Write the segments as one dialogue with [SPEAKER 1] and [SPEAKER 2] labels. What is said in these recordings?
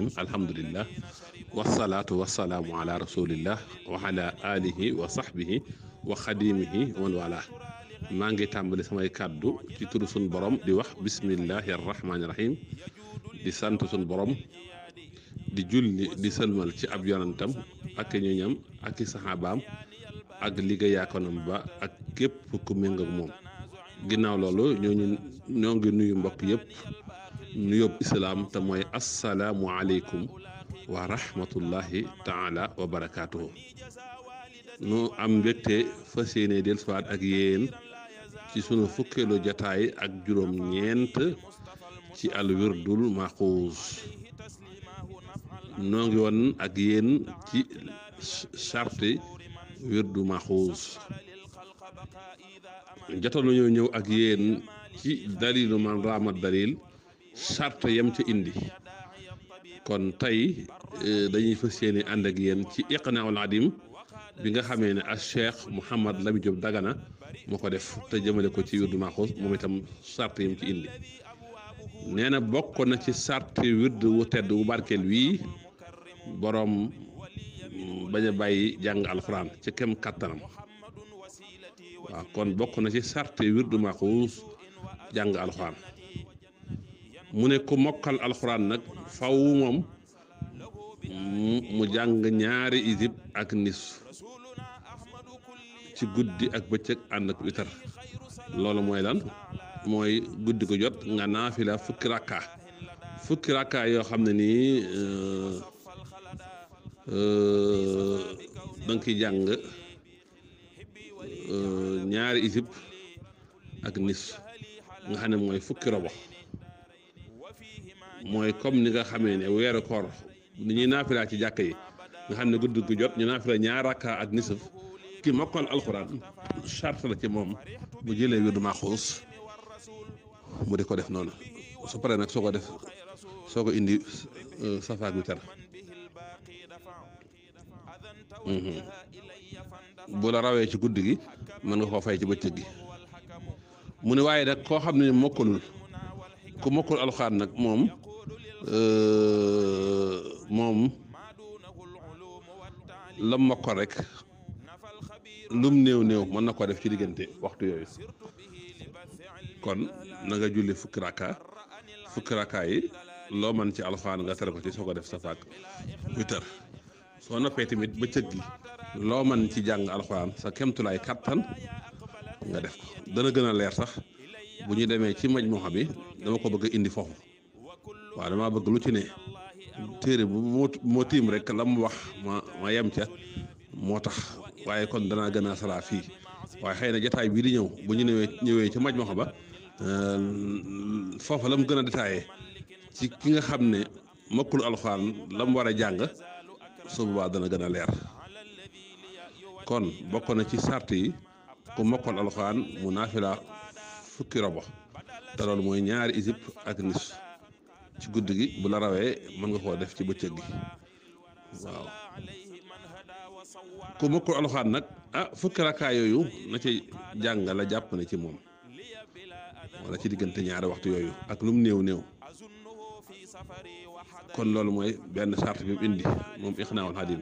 [SPEAKER 1] rahim alhamdulillah wasalaatu wasalaamu ala rasulillah wa ala wa sahbihi wa xadimihi maa ngi tàmbali samay kàddu ci turu suñ borom di wax bismillahi arrahmani rahim di sant suñ borom di julli di sëlmal ci ab yonantam ak ñoñam ak i saxaabaam ak liggéeyaakonam ba ak képp ku méngak moom ginnaaw loolu ñooñu ñoo ngi nuyu mbokk yépp nuyób islaam te mooy assalaamu aleykum wa rahmatullahi taala nu am mbégte fas yéene dellusiwaat ak yéen ci sunu fukkeelu jataay ak juróom ñeent ci alwirdul maxuus noo ngi woon ak yenn ci charte wirdu maxuus jotoon nañoo ñëw ak yéen ci dalilu man raamat dalil sart yam ci indi kon tey eh, dañuy fa yéene ànd ak yéen ci iqnaul adim bi nga xamee ne as cheikh Mouhamad Lamine Diop Dagana moo ko def te jëmale ko ci wirdu Maxuus moom itam sart yam ci indi nee na bokk na ci sart wird wu tedd wu barkeel wii boroom mm, bañ a bàyyi jàng alxuraan ci kem kattanam waaw kon bokk na ci sart wirdu Maxuus jàng alxuraan mu ne ku mokkal alxuraan nag faw moom mu jàng ñaari isib ak nis ci guddi ak bëccëg ànd ak witar loolu mooy lan mooy guddi ko jot nga naafila fukki rakka fukki rakka yoo xam ne nii euh, euh, da nga koy jàng euh, ñaari isib ak nis nga xam ne mooy fukki robo mooy comme ni nga xamee ne weeru koor ni ñu naafilaa ci jàkk yi nga xam ne guddi gu jot ñu naafila ñaar rakka ak nisaf ki mokkal alxuraan charte la ci moom bu jëlee du maxuus mu di ko def noonu su paree nag soo ko def soo ko indi euh, safaak witar mm-hmm. bu rawee ci guddi gi mën nga koo fay ci bëccëg gi mu ne waaye nag koo xam ne mokkalul ku mokkul alxuraan nag moom Euh, moom lam ma ko rek lum néew néew mën na ko def ci diggante waxtu yooyu kon na nga julli fukki rakka fukki rakka yi loo mën ci alxuraan nga tere ko ci soo ko def sa faak witër soo noppee tamit ba gi loo mën ci jàng alxuraan sa kemtulaay kattan nga def dana gën a leer sax bu ñu demee ci maj moo xam bi dama ko bëgg a indi foofu waaw damaa bëgg lu ci ne téere bu moo tiim rek la mu wax ma yem ca moo tax waaye kon danaa gën a saraa fii waaye xëy na jataay bii di ñëw bu ñu ñëwee ñëwee ci maj ma ba euh, foofa la mu gën a détaillé ci ki nga xam ne mokkul alxuraan la mu war a jàng su dana gën a leer kon bokk na ci sart yi ku mokkal alxuraan mu naafila fukki robo te loolu mooy ñaari isib ak nis ci guddi gi bu la rawee mën nga koo def ci bëccëg gi waaw ku mokkul alxuraan nag a ah, fukki rakkaa yooyu na ci jàng la jàpp ne ci moom wala ci diggante ñaari waxtu yooyu ak mu néew néew kon loolu mooy benn sart bi mu indi moom ixnaawul xadim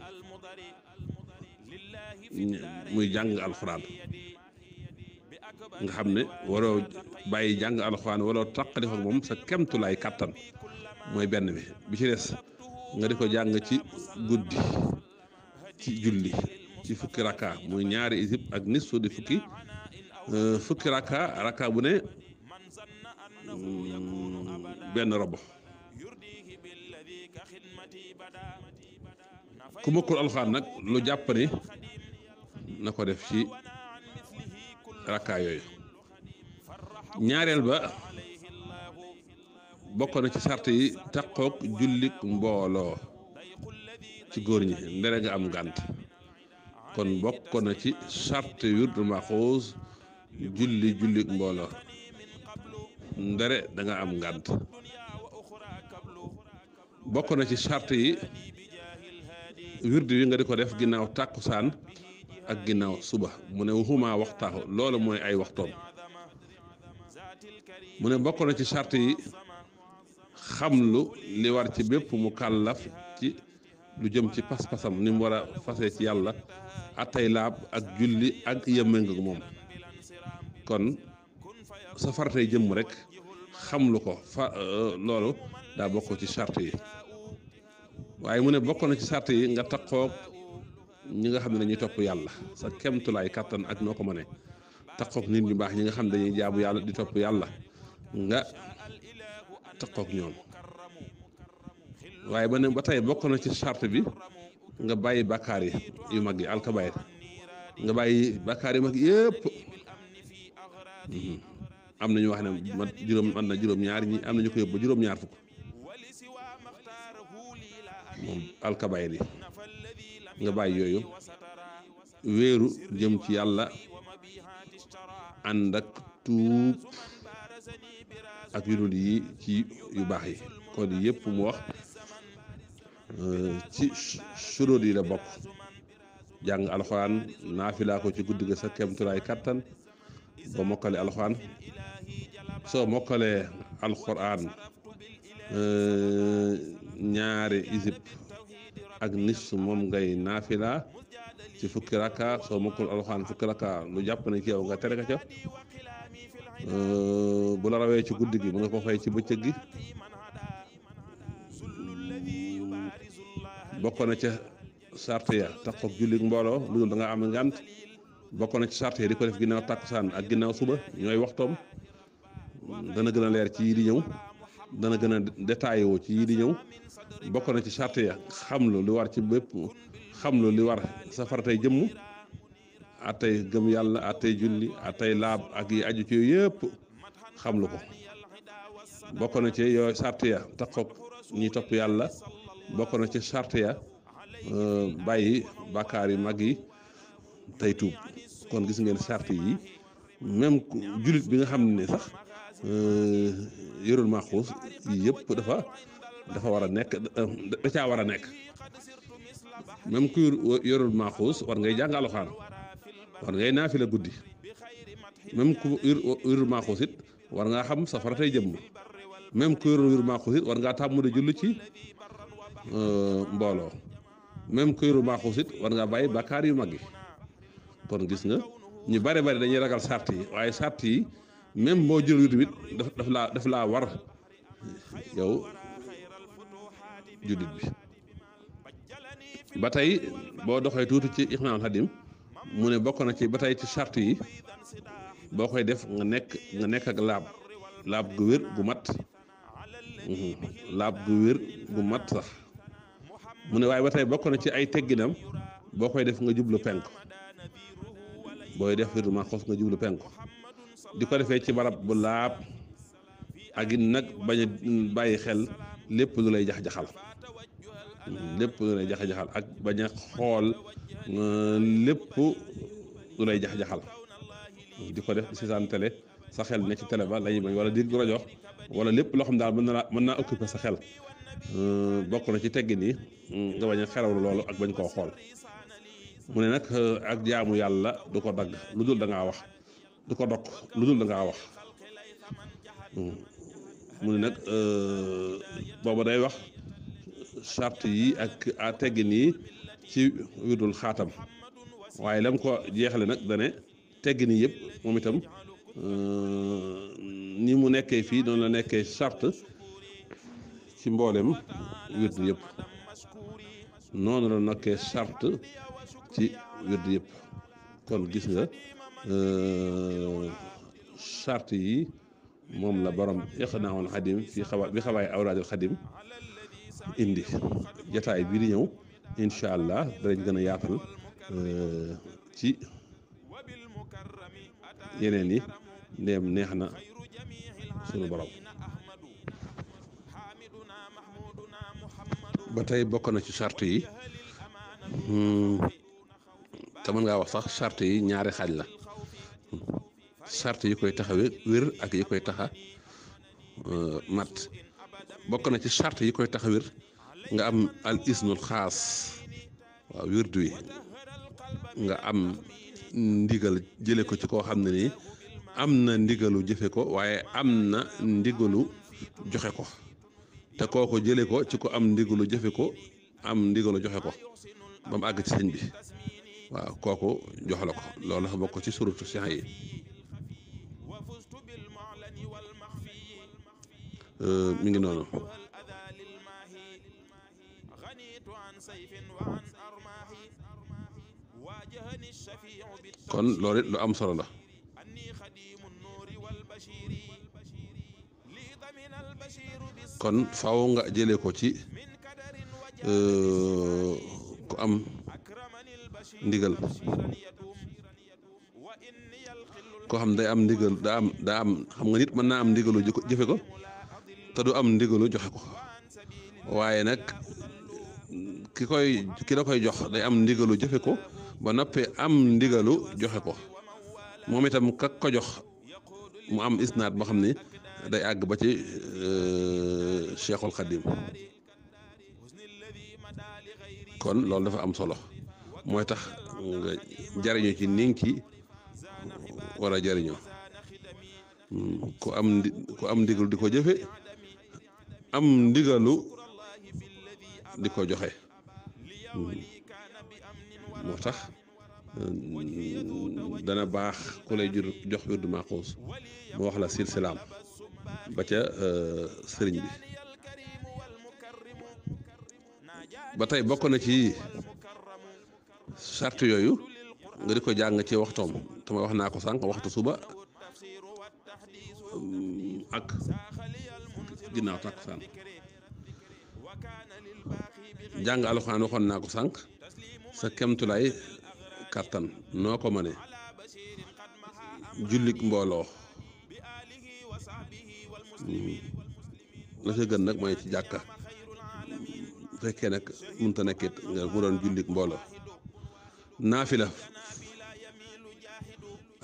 [SPEAKER 1] muy jàng alxuraan nga xam ne waroo bàyyi jàng alxuraan waroo taqali ko moom sa kemtulaay kàttan mooy benn bi bi ci des nga di ko jàng ci guddi ci julli ci fukki rakka muy ñaari isib ak nisfu di fukki euh, rakka rakka bu ne mm, benn robo ku mokkul alxaan nag lu jàpp na ko def ci rakka yooyu ñaareel ba bokk na ci sart yi takkook jullik mbooloo ci góor ñi ndere nga am ngànt kon bokk na ci sart wirdu maxuus julli jullik mbooloo ndere danga am ngànt bokk na ci sart yi wirdu wi nga di ko def ginnaaw tàkkusaan ak ginnaaw suba mu ne waxuma waxtaaxu loolu mooy ay waxtoom mu ne bokk ci sart yi lu li war ci bépp mu kàllaf ci lu jëm ci pas-pasam ni mu war a fase ci yàlla atay laab ak julli ak yëmmëng moom kon sa faratay jëmm rek xamlu ko fa euh, loolu daa bokkoo ci charte yi waaye mu ne bokkoon ci charte yi nga taqoog ñi nga xam ne dañuy topp yàlla sa kemtulaay kàttan ak noo ko mënee taqoog nit ñu baax ñi nga xam ne dañuy jaabu yàlla di topp yàlla nga taqoog ñoom waaye ba ne ba tey bokk na ci charte bi nga bàyyi bàkkaar yi yu mag yi alkabaayir nga bàyyi bàkkaar yu mag yëpp mm-hmm. am na ñu wax ne juróom man na juróom-ñaar ñi am na ñu ko yóbbu ba juróom-ñaar fukk moom yi nga bàyyi yooyu wéeru jëm ci yàlla ànd tuub. ak yu dul yi ci yu baax yi kon yëpp mu wax euh, ci suróot yi la bokk jàng alxuraan naafilaa ko ci guddi ga sa kemtulaay kattan ba mokkale alxuraan soo mokkalee alxuraan euh, ñaari isib ak nis moom ngay naafilaa ci fukki rakka soo mokkal alxuraan fukki rakka jàpp ne ci yow nga tere ka ca bu la rawee ci guddi gi mu nga ko fay ci bëccëg gi bokk na ca sart ya takkook jullit mbooloo lu dul da nga am ngànt bokk na ci sart ya di ko def ginnaaw takkusaan ak ginnaaw suba ñooy waxtoom dana gën a leer ci yii di ñëw dana gën a détaillé ci yii di ñëw bokk na ci sart ya xam lu li war ci bépp xam lu li war sa faratay jëmm atay gëm yàlla atay julli atay laab ak yi aju ci yooyu yëpp xam lu ko bokk na ci yooyu sart ya takkook ñi topp yàlla bokk na ci sart ya euh, bàyyi bàkkaar yi mag yi tey tuub kon gis ngeen sart yi même jullit bi nga xam ne sax euh, yorul maaxuus yii yëpp dafa dafa war a nekk da caa war a nekk même ku yorul maaxuus war ngay jàng alxuraan war ngay naafi la guddi même ku yor maaxuus it war ngaa xam safara tey jëm même ku yor maaxuus it war ngaa tàmm di julli ci euh, mbooloo même ku yor maaxuus it war ngaa ba bakkaar yu mag yi kon gis nga ñu bare bari dañuy ragal sart yi waaye sart yi même boo jël yu tamit daf daf laa daf war yow jullit bi ba tey boo doxee tuuti ci Ixwaanul Xadim mu ne bokk na ci ba tey ci sart yi boo koy def nga nekk nga nekk ak laab laab gu wér gu mat mhm. laab gu mat sax mu ne waaye ba tey bokk na ci ay tegginam boo koy def nga jublu penk booy def ma Maxfuus nga jublu penk di ko defee ci barab bu laab ak it nag bañ bàyyi xel lépp lu lay jax-jaxal lépp lu lay jax ak bañ a xool euh, lépp lu lay jax di ko def di seetaan télé sa xel ne ci télé ba lañuy bañ wala dégg rajo wala lépp loo xam daal mën na la mën naa occuper sa xel euh, bokk na ci teggin yi mm, nga bañ a xelawlu loolu ak bañ koo xool mu ne nag euh, ak jaamu yàlla du ko dagg lu dul da wax du ko dog lu dul da ngaa mm. mu ne nag booba day wax charte yi ak a teggin yi ci wirdul xaatam waaye lam ko jeexle nag dane teggin yi yëpp moom itam euh, ni mu nekkee fii noonu la nekkee charte ci mboolem wirdu yëpp noonu la nekkee charte ci wirdu yëpp kon gis nga euh, charte yi moom la borom iqnaawul xadim fi xawa bi xawaay awraadul xadim indi jataay bii di ñëw incha allah danañ gën a yaatal euh, ci yeneen yi ndeem neex na sunu borom ba tey bokk na ci sartu yi hmm, te nga wax sax charte yi ñaari xaaj la hmm, charte yi koy taxa wér ak yi koy taxa euh, mat bokk na ci charte yi koy tax a nga am al isnul xaas waaw wirdu wi nga am ndigal jële ko ci koo xam ne nii am na ndigalu jëfe ko waaye am na ndigalu joxe ko te kooko jële ko ci ko am ndigalu jëfe ko am ndigalu joxe ko ba mu àgg ci sëñ bi waaw kooku jox la ko loolu dafa bokk ci suratu siyaan yi Euh, mi ngi noonu kon loolu lu am solo la kon faaw nga jële ko ci euh, ku am ndigal koo xam day am ndigal daa am xam nga nit mën naa am ndigalu jëfe ko te am ndigalu joxe ko waaye nag ki koy ki jox day am ndigalu jëfe ko ba noppi am ndigalu joxe ko moom itam kak ko jox mu am isnaat boo xam ne day àgg ba ci euh, Cheikhul Khadim kon loolu dafa am solo mooy tax nga jariñu ci ni nga ci war a jariñoo hmm, am ku am ndigalu di ko jëfe am ndigalu di ko joxe hmm. moo tax hmm, dana baax ku lay jur jox wird maaxuus mu wax la silsilaam ba ca euh, sëriñ bi ba tey bokk na ci sart yooyu nga di ko jàng ci waxtoom te ma wax naa ko sànq waxtu suba ginnaaw jàng alxuraan waxoon naa ko sànq sa kemtulaay kàttan noo ko mëne jullik mbooloo la ca nag mooy ci jàkka fekkee nag mënta nekkit nga mu doon jullik mbooloo naafila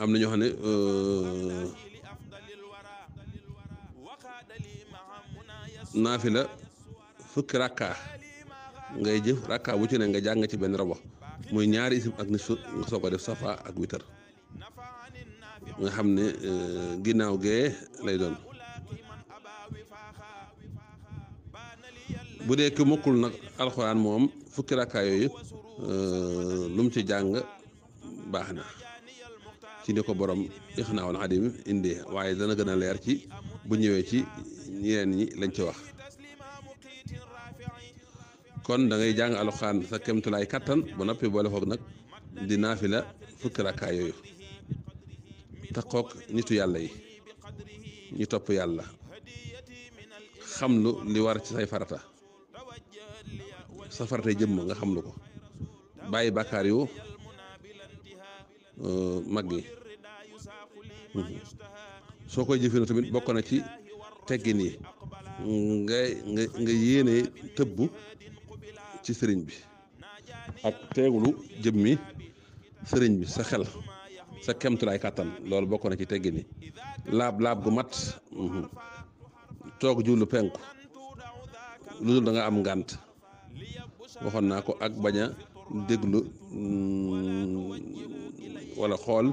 [SPEAKER 1] am na ñoo naafila fukki rakka ngay jëf rakka bu ci ne nga jàng ci benn rabo muy ñaari isim ak nisfu nga soog a def safa ak witar nga xam ne euh, ginnaaw gee lay doon bu dee ki mokkul nag alxuraan moom fukki rakka yooyu euh, lu mu ci jàng baax na ci ni ko borom ixnaawul adim indi waaye dana gën a leer ci bu ñëwee ci ñeneen ñi lañ ci wax kon da jàng alxuraan sa kemtulaay kattan ba noppi boole foog nag di naafila fukki rakkaa yooyu taxoog nitu yàlla yi ñu topp yàlla xam lu li war ci say farata sa farata jëmm nga xam lu ko bàyyi bàkkaar yu euh, mag yi mhm. soo koy jëfee tamit bokk na ci teggin yi nga nga nga yéene tëbbu ci sëriñ bi ak teegulu jëmmi sëriñ bi sa xel sa kemtulaay kàttan loolu bokk na ci teggin yi laab laab gu mat mhm. toog jullu penku lu dul da am ngànt waxoon naa ko ak baña a déglu mm, wala xool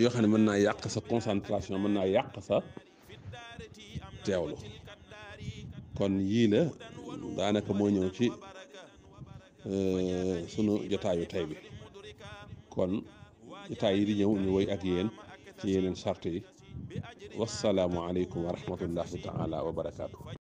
[SPEAKER 1] yoo xam ne mën naa yàq sa concentration mën naa yàq sa teewlu kon yii la daanaka moo ñëw ci euh, sunu jotaayu tey bi kon jotaay yi di ñëw ñu woy ak yéen ci yeneen sart yi wasalaamu aleykum wa rahmatullahi taala wa barakaatu.